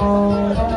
Oh,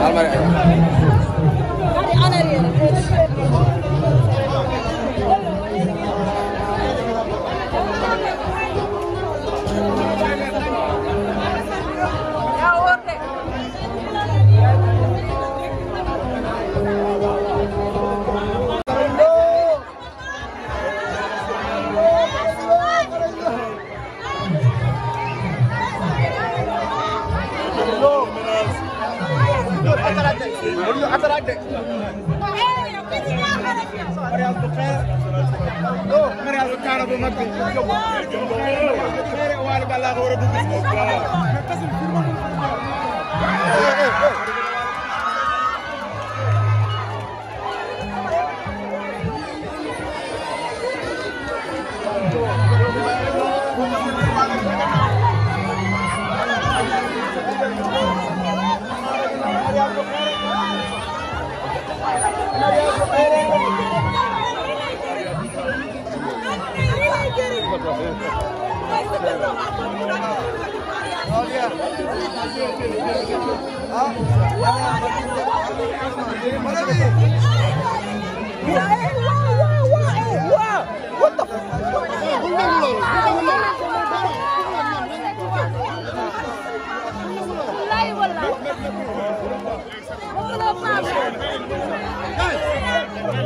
Almari mënuñu ataraat de. mariage bu xeer. mariage bu kaara bu mag bi. waaw waaw waaw.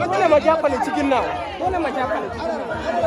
dole ma jàppale ci ginnaaw dole ma jàppale ci ginnaaw.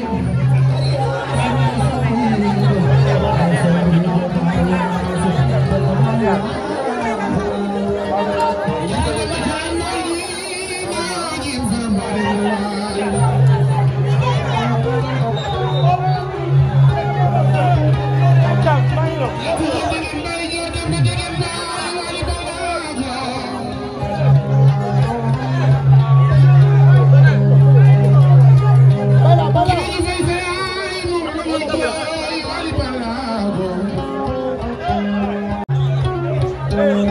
Hey.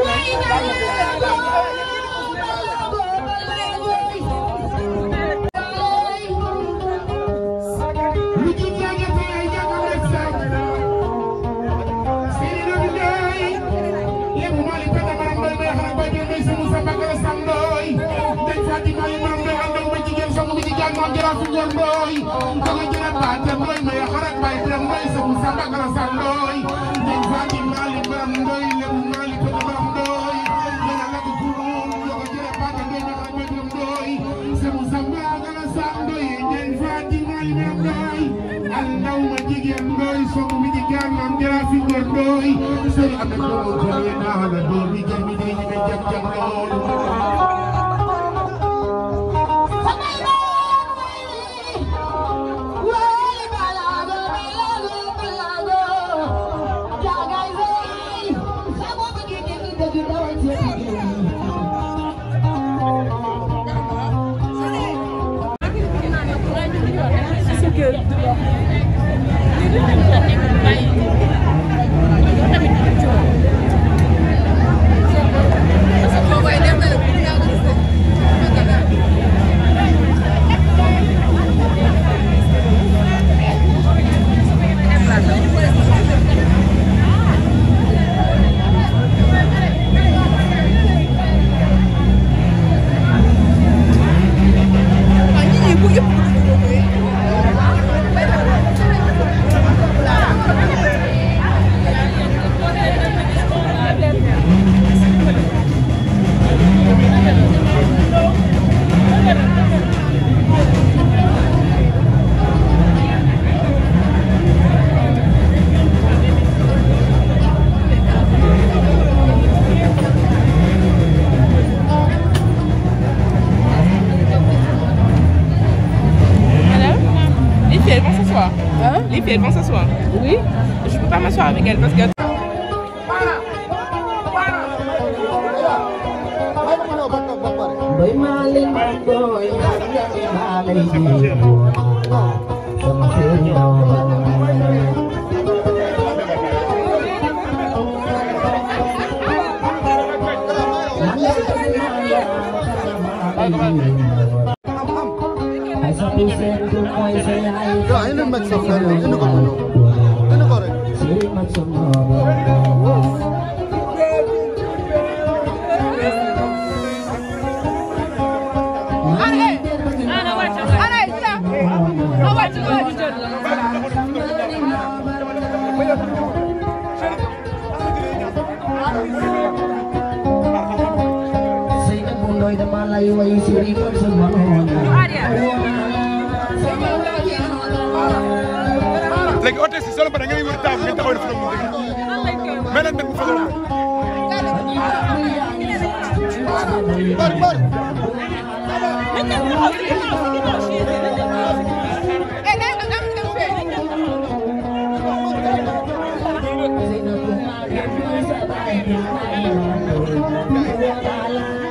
jàng moom jara su jor ndooy kaga jara baate mbooy maya xarak bay biram ndooy sabu samba kala sa ndooy den fati maali biram ndooy lebu maali ko biram ndooy dana lagu kurum logo jara baate ndooy maya xarak bay biram ndooy sabu samba kala sa ndooy den fati maali biram ndooy alaw ma jigéen ndooy sobu mi di gaan moom jara su jor ndooy sori amen doomo jariye naa la doomi jami dey ñime jam jam lool invitée, elles vont s'asseoir. Oui. Je ne peux pas m'asseoir avec elles parce que... لا هنا المكسب ثاني هنا قرب هنا قرب Saya kan mundoy teman layu wayu suri pun sembangon. Ada. léegi hôtesse yi solo ba da ngeen wër taam ngeen taxaw def ko mu dégg mais nag mu fasoo bari bari Thank you.